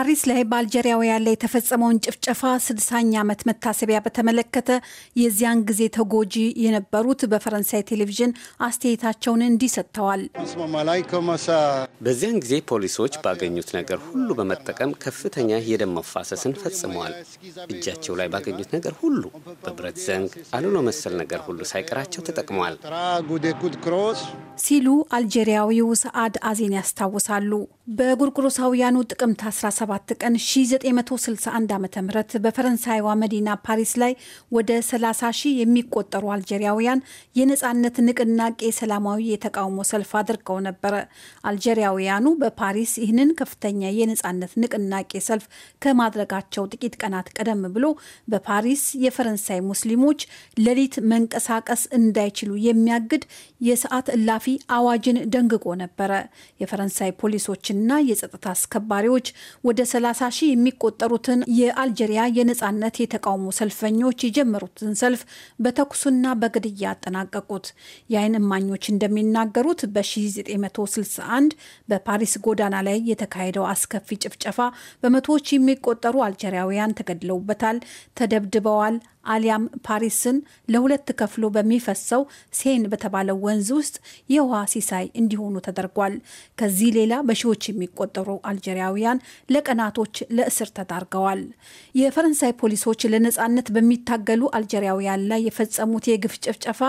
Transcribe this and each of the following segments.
ፓሪስ ላይ በአልጀሪያውያን ላይ የተፈጸመውን ጭፍጨፋ ስድሳኛ ዓመት መታሰቢያ በተመለከተ የዚያን ጊዜ ተጎጂ የነበሩት በፈረንሳይ ቴሌቪዥን አስተያየታቸውን እንዲህ ሰጥተዋል። በዚያን ጊዜ ፖሊሶች ባገኙት ነገር ሁሉ በመጠቀም ከፍተኛ የደም መፋሰስን ፈጽመዋል። እጃቸው ላይ ባገኙት ነገር ሁሉ በብረት ዘንግ፣ አሉሎ መሰል ነገር ሁሉ ሳይቀራቸው ተጠቅመዋል ሲሉ አልጄሪያዊው ሰአድ አዜን ያስታውሳሉ። በጉርጉሮሳውያኑ ጥቅምት 17 27 ቀን 1961 ዓ ም በፈረንሳይዋ መዲና ፓሪስ ላይ ወደ 30 ሺህ የሚቆጠሩ አልጄሪያውያን የነፃነት ንቅናቄ ሰላማዊ የተቃውሞ ሰልፍ አድርገው ነበረ። አልጄሪያውያኑ በፓሪስ ይህንን ከፍተኛ የነፃነት ንቅናቄ ሰልፍ ከማድረጋቸው ጥቂት ቀናት ቀደም ብሎ በፓሪስ የፈረንሳይ ሙስሊሞች ሌሊት መንቀሳቀስ እንዳይችሉ የሚያግድ የሰዓት እላፊ አዋጅን ደንግጎ ነበረ። የፈረንሳይ ፖሊሶችና የጸጥታ አስከባሪዎች ወደ ወደ 30 ሺህ የሚቆጠሩትን የአልጀሪያ የነፃነት የተቃውሞ ሰልፈኞች የጀመሩትን ሰልፍ በተኩሱና በግድያ ያጠናቀቁት። የአይን እማኞች እንደሚናገሩት በ1961 በፓሪስ ጎዳና ላይ የተካሄደው አስከፊ ጭፍጨፋ በመቶዎች የሚቆጠሩ አልጀሪያውያን ተገድለውበታል፣ ተደብድበዋል፣ አሊያም ፓሪስን ለሁለት ከፍሎ በሚፈሰው ሴን በተባለው ወንዝ ውስጥ የውሃ ሲሳይ እንዲሆኑ ተደርጓል። ከዚህ ሌላ በሺዎች የሚቆጠሩ አልጀሪያውያን ለቀናቶች ለእስር ተዳርገዋል። የፈረንሳይ ፖሊሶች ለነፃነት በሚታገሉ አልጀሪያውያን ላይ የፈጸሙት የግፍ ጭፍጨፋ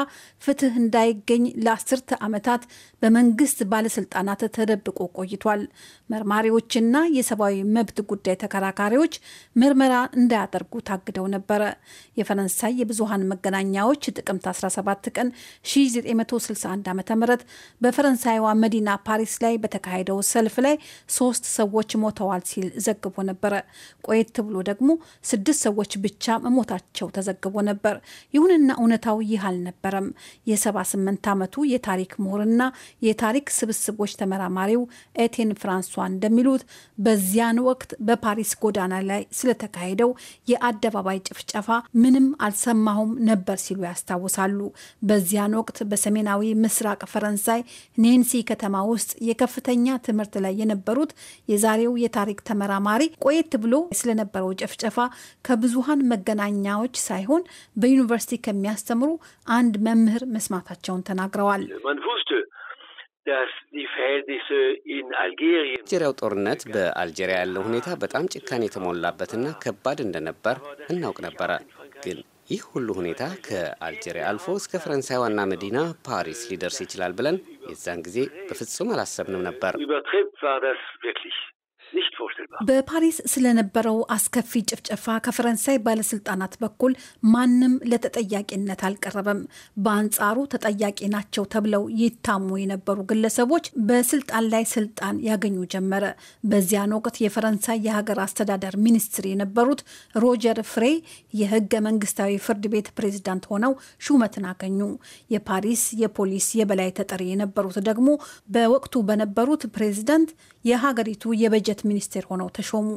ፍትህ እንዳይገኝ ለአስርተ ዓመታት በመንግስት ባለስልጣናት ተደብቆ ቆይቷል። መርማሪዎችና የሰብአዊ መብት ጉዳይ ተከራካሪዎች ምርመራ እንዳያደርጉ ታግደው ነበረ። የፈረንሳይ የብዙሀን መገናኛዎች ጥቅምት 17 ቀን 1961 ዓ ም በፈረንሳይዋ መዲና ፓሪስ ላይ በተካሄደው ሰልፍ ላይ ሶስት ሰዎች ሞተዋል ሲል ዘግቦ ነበረ። ቆየት ብሎ ደግሞ ስድስት ሰዎች ብቻ መሞታቸው ተዘግቦ ነበር። ይሁንና እውነታው ይህ አልነበረም። የ78 ዓመቱ የታሪክ ምሁርና የታሪክ ስብስቦች ተመራማሪው ኤቴን ፍራንሷ እንደሚሉት በዚያን ወቅት በፓሪስ ጎዳና ላይ ስለተካሄደው የአደባባይ ጭፍጨፋ ምንም አልሰማሁም ነበር ሲሉ ያስታውሳሉ። በዚያን ወቅት በሰሜናዊ ምስራቅ ፈረንሳይ ኔንሲ ከተማ ውስጥ የከፍተኛ ትምህርት ላይ የነበሩት የዛሬው የታሪክ ተመራማሪ ቆየት ብሎ ስለነበረው ጨፍጨፋ ከብዙሃን መገናኛዎች ሳይሆን በዩኒቨርሲቲ ከሚያስተምሩ አንድ መምህር መስማታቸውን ተናግረዋል። አልጄሪያው ጦርነት በአልጄሪያ ያለው ሁኔታ በጣም ጭካኔ የተሞላበትና ከባድ እንደነበር እናውቅ ነበረ። ግን ይህ ሁሉ ሁኔታ ከአልጄሪያ አልፎ እስከ ፈረንሳይ ዋና መዲና ፓሪስ ሊደርስ ይችላል ብለን የዛን ጊዜ በፍጹም አላሰብንም ነበር። በፓሪስ ስለነበረው አስከፊ ጭፍጨፋ ከፈረንሳይ ባለስልጣናት በኩል ማንም ለተጠያቂነት አልቀረበም። በአንጻሩ ተጠያቂ ናቸው ተብለው ይታሙ የነበሩ ግለሰቦች በስልጣን ላይ ስልጣን ያገኙ ጀመረ። በዚያን ወቅት የፈረንሳይ የሀገር አስተዳደር ሚኒስትር የነበሩት ሮጀር ፍሬ የህገ መንግስታዊ ፍርድ ቤት ፕሬዝዳንት ሆነው ሹመትን አገኙ። የፓሪስ የፖሊስ የበላይ ተጠሪ የነበሩት ደግሞ በወቅቱ በነበሩት ፕሬዝዳንት የሀገሪቱ የበጀት ሚኒስቴር ሆነው ተሾሙ።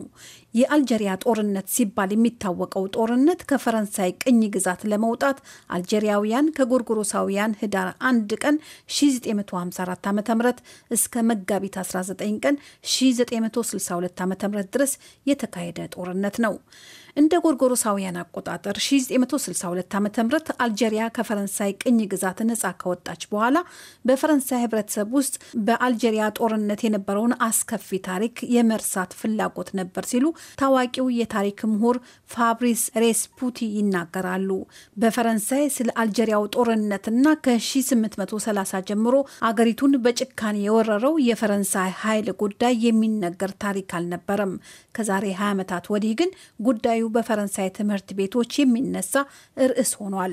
የአልጀሪያ ጦርነት ሲባል የሚታወቀው ጦርነት ከፈረንሳይ ቅኝ ግዛት ለመውጣት አልጀሪያውያን ከጎርጎሮሳውያን ህዳር 1 ቀን 1954 ዓ ም እስከ መጋቢት 19 ቀን 1962 ዓ ም ድረስ የተካሄደ ጦርነት ነው። እንደ ጎርጎሮሳውያን አቆጣጠር 1962 ዓ ም አልጄሪያ ከፈረንሳይ ቅኝ ግዛት ነጻ ከወጣች በኋላ በፈረንሳይ ህብረተሰብ ውስጥ በአልጄሪያ ጦርነት የነበረውን አስከፊ ታሪክ የመርሳት ፍላጎት ነበር ሲሉ ታዋቂው የታሪክ ምሁር ፋብሪስ ሬስፑቲ ይናገራሉ። በፈረንሳይ ስለ አልጄሪያው ጦርነትና ከ1830 ጀምሮ አገሪቱን በጭካኔ የወረረው የፈረንሳይ ኃይል ጉዳይ የሚነገር ታሪክ አልነበረም። ከዛሬ 20 ዓመታት ወዲህ ግን ጉዳዩ በተለያዩ በፈረንሳይ ትምህርት ቤቶች የሚነሳ ርዕስ ሆኗል።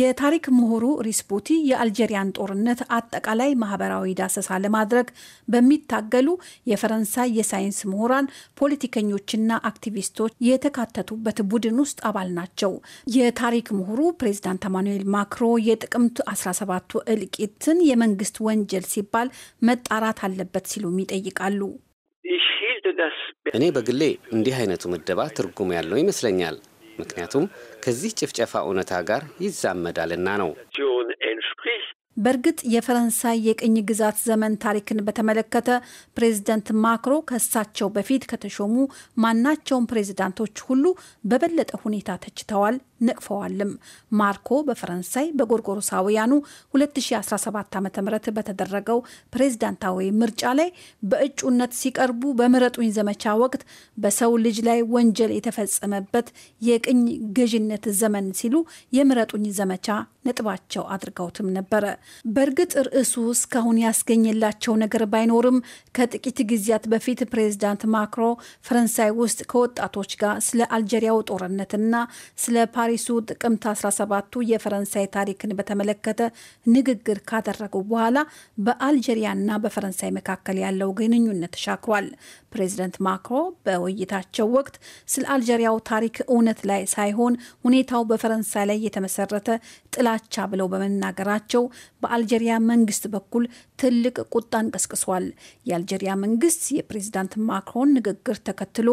የታሪክ ምሁሩ ሪስፖቲ የአልጄሪያን ጦርነት አጠቃላይ ማህበራዊ ዳሰሳ ለማድረግ በሚታገሉ የፈረንሳይ የሳይንስ ምሁራን፣ ፖለቲከኞችና አክቲቪስቶች የተካተቱበት ቡድን ውስጥ አባል ናቸው። የታሪክ ምሁሩ ፕሬዚዳንት አማኑኤል ማክሮ የጥቅምት 17ቱ እልቂትን የመንግስት ወንጀል ሲባል መጣራት አለበት ሲሉም ይጠይቃሉ። እኔ በግሌ እንዲህ አይነቱ ምደባ ትርጉም ያለው ይመስለኛል። ምክንያቱም ከዚህ ጭፍጨፋ እውነታ ጋር ይዛመዳልና ነው። በእርግጥ የፈረንሳይ የቅኝ ግዛት ዘመን ታሪክን በተመለከተ ፕሬዝደንት ማክሮ ከእሳቸው በፊት ከተሾሙ ማናቸውም ፕሬዝዳንቶች ሁሉ በበለጠ ሁኔታ ተችተዋል ነቅፈዋልም። ማርኮ በፈረንሳይ በጎርጎሮሳውያኑ 2017 ዓ ም በተደረገው ፕሬዝዳንታዊ ምርጫ ላይ በእጩነት ሲቀርቡ በምረጡኝ ዘመቻ ወቅት በሰው ልጅ ላይ ወንጀል የተፈጸመበት የቅኝ ገዥነት ዘመን ሲሉ የምረጡኝ ዘመቻ ነጥባቸው አድርገውትም ነበረ። በእርግጥ ርዕሱ እስካሁን ያስገኘላቸው ነገር ባይኖርም ከጥቂት ጊዜያት በፊት ፕሬዝዳንት ማክሮ ፈረንሳይ ውስጥ ከወጣቶች ጋር ስለ አልጀሪያው ጦርነትና ስለ ፓሪ በፓሪሱ ጥቅምት 17ቱ የፈረንሳይ ታሪክን በተመለከተ ንግግር ካደረጉ በኋላ በአልጄሪያና በፈረንሳይ መካከል ያለው ግንኙነት ተሻክሯል። ፕሬዚደንት ማክሮ በውይይታቸው ወቅት ስለ አልጄሪያው ታሪክ እውነት ላይ ሳይሆን ሁኔታው በፈረንሳይ ላይ የተመሰረተ ጥላቻ ብለው በመናገራቸው በአልጄሪያ መንግስት በኩል ትልቅ ቁጣን ቀስቅሷል። የአልጄሪያ መንግስት የፕሬዚዳንት ማክሮን ንግግር ተከትሎ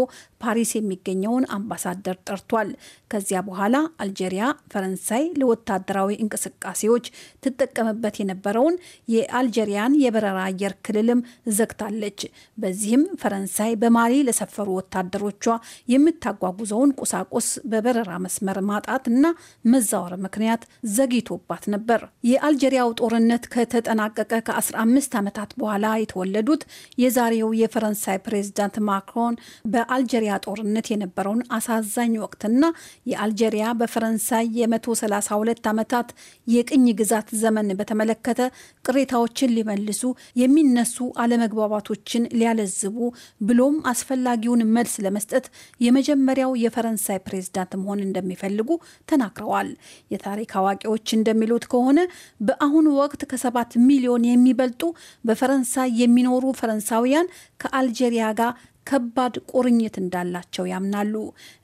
ፓሪስ የሚገኘውን አምባሳደር ጠርቷል። ከዚያ በኋላ አልጄሪያ ፈረንሳይ ለወታደራዊ እንቅስቃሴዎች ትጠቀምበት የነበረውን የአልጄሪያን የበረራ አየር ክልልም ዘግታለች። በዚህም ፈረንሳይ በማሊ ለሰፈሩ ወታደሮቿ የምታጓጉዘውን ቁሳቁስ በበረራ መስመር ማጣት እና መዛወር ምክንያት ዘግይቶባት ነበር። የአልጄሪያው ጦርነት ከተጠናቀቀ ከ15 ዓመታት በኋላ የተወለዱት የዛሬው የፈረንሳይ ፕሬዝዳንት ማክሮን በአልጄሪያ ጦርነት የነበረውን አሳዛኝ ወቅትና የአልጄሪያ በፈረንሳይ የ132 ዓመታት የቅኝ ግዛት ዘመን በተመለከተ ቅሬታዎችን ሊመልሱ የሚነሱ አለመግባባቶችን ሊያለዝቡ ብሎም አስፈላጊውን መልስ ለመስጠት የመጀመሪያው የፈረንሳይ ፕሬዝዳንት መሆን እንደሚፈልጉ ተናግረዋል። የታሪክ አዋቂዎች እንደሚሉት ከሆነ በአሁኑ ወቅት ከሰባት ሚሊዮን የሚበልጡ በፈረንሳይ የሚኖሩ ፈረንሳውያን ከአልጄሪያ ጋር ከባድ ቁርኝት እንዳላቸው ያምናሉ።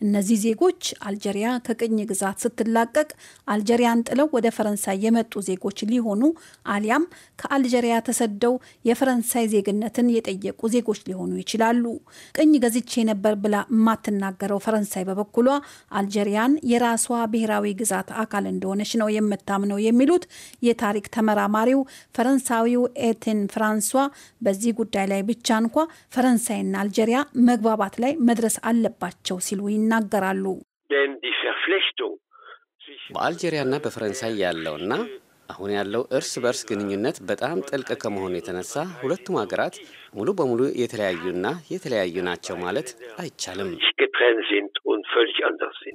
እነዚህ ዜጎች አልጀሪያ ከቅኝ ግዛት ስትላቀቅ አልጀሪያን ጥለው ወደ ፈረንሳይ የመጡ ዜጎች ሊሆኑ አሊያም ከአልጀሪያ ተሰደው የፈረንሳይ ዜግነትን የጠየቁ ዜጎች ሊሆኑ ይችላሉ። ቅኝ ገዝቼ ነበር ብላ የማትናገረው ፈረንሳይ በበኩሏ አልጀሪያን የራሷ ብሔራዊ ግዛት አካል እንደሆነች ነው የምታምነው የሚሉት የታሪክ ተመራማሪው ፈረንሳዊው ኤቴን ፍራንሷ በዚህ ጉዳይ ላይ ብቻ እንኳ ፈረንሳይና አልጀሪያ ዙሪያ መግባባት ላይ መድረስ አለባቸው ሲሉ ይናገራሉ። በአልጄሪያና በፈረንሳይ ያለውና አሁን ያለው እርስ በርስ ግንኙነት በጣም ጥልቅ ከመሆኑ የተነሳ ሁለቱም ሀገራት ሙሉ በሙሉ የተለያዩና የተለያዩ ናቸው ማለት አይቻልም።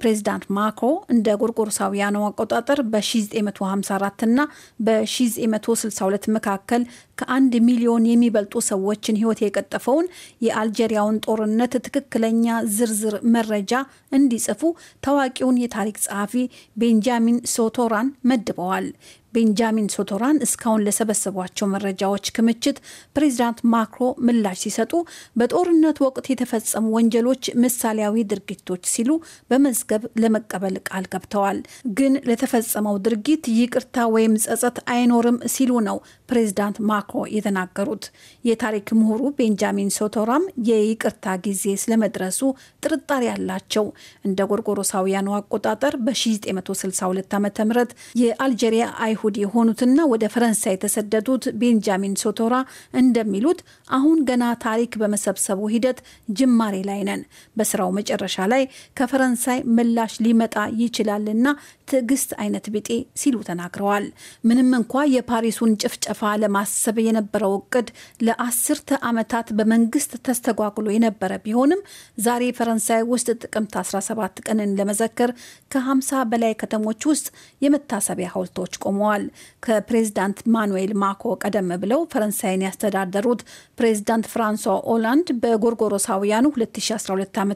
ፕሬዚዳንት ማክሮ እንደ ጎርጎሮሳውያኑ አቆጣጠር በ1954 እና በ1962 መካከል ከአንድ ሚሊዮን የሚበልጡ ሰዎችን ሕይወት የቀጠፈውን የአልጄሪያውን ጦርነት ትክክለኛ ዝርዝር መረጃ እንዲጽፉ ታዋቂውን የታሪክ ጸሐፊ ቤንጃሚን ሶቶራን መድበዋል። ቤንጃሚን ሶቶራን እስካሁን ለሰበሰቧቸው መረጃዎች ክምችት ፕሬዚዳንት ማክሮ ምላሽ ሲሰጡ በጦርነት ወቅት የተፈጸሙ ወንጀሎች ምሳሌያዊ ድርጊቶች ሲሉ በመዝገብ ለመቀበል ቃል ገብተዋል። ግን ለተፈጸመው ድርጊት ይቅርታ ወይም ጸጸት አይኖርም ሲሉ ነው ፕሬዚዳንት ማክሮ የተናገሩት። የታሪክ ምሁሩ ቤንጃሚን ሶቶራም የይቅርታ ጊዜ ስለመድረሱ ጥርጣሬ ያላቸው እንደ ጎርጎሮሳውያኑ አቆጣጠር በ1962 ዓ ም የአልጄሪያ አይሁድ የሆኑትና ወደ ፈረንሳይ የተሰደዱት ቤንጃሚን ሶቶራ እንደሚሉት አሁን ገና ታሪክ በመሰብሰቡ ሂደት ጅማሬ ላይ ነን። በስራው መጨረሻ ላይ ከፈረንሳይ ምላሽ ሊመጣ ይችላልና ትዕግስት አይነት ቢጤ ሲሉ ተናግረዋል። ምንም እንኳ የፓሪሱን ጭፍጨፍ ለማሰብ የነበረው እቅድ ለአስርተ ዓመታት በመንግስት ተስተጓጉሎ የነበረ ቢሆንም ዛሬ ፈረንሳይ ውስጥ ጥቅምት 17 ቀንን ለመዘከር ከ50 በላይ ከተሞች ውስጥ የመታሰቢያ ሐውልቶች ቆመዋል። ከፕሬዝዳንት ማኑኤል ማኮ ቀደም ብለው ፈረንሳይን ያስተዳደሩት ፕሬዝዳንት ፍራንሷ ኦላንድ በጎርጎሮሳውያኑ 2012 ዓ ም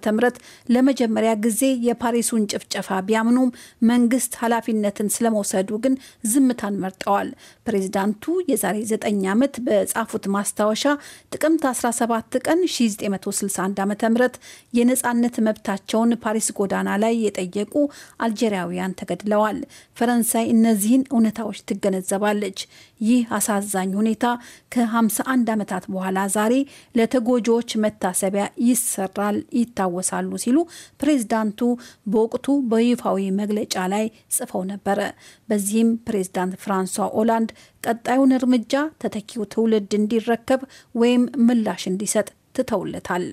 ለመጀመሪያ ጊዜ የፓሪሱን ጭፍጨፋ ቢያምኑም መንግስት ኃላፊነትን ስለመውሰዱ ግን ዝምታን መርጠዋል። ፕሬዚዳንቱ የዛሬ 9 ዓመት በጻፉት ማስታወሻ ጥቅምት 17 ቀን 1961 ዓ ም የነፃነት መብታቸውን ፓሪስ ጎዳና ላይ የጠየቁ አልጄሪያውያን ተገድለዋል። ፈረንሳይ እነዚህን እውነታዎች ትገነዘባለች። ይህ አሳዛኝ ሁኔታ ከ51 ዓመታት በኋላ ዛሬ ለተጎጂዎች መታሰቢያ ይሰራል፣ ይታወሳሉ ሲሉ ፕሬዝዳንቱ በወቅቱ በይፋዊ መግለጫ ላይ ጽፈው ነበረ። በዚህም ፕሬዝዳንት ፍራንሷ ኦላንድ ቀጣዩን እርምጃ ተተኪው ትውልድ እንዲረከብ ወይም ምላሽ እንዲሰጥ ትተውለታል።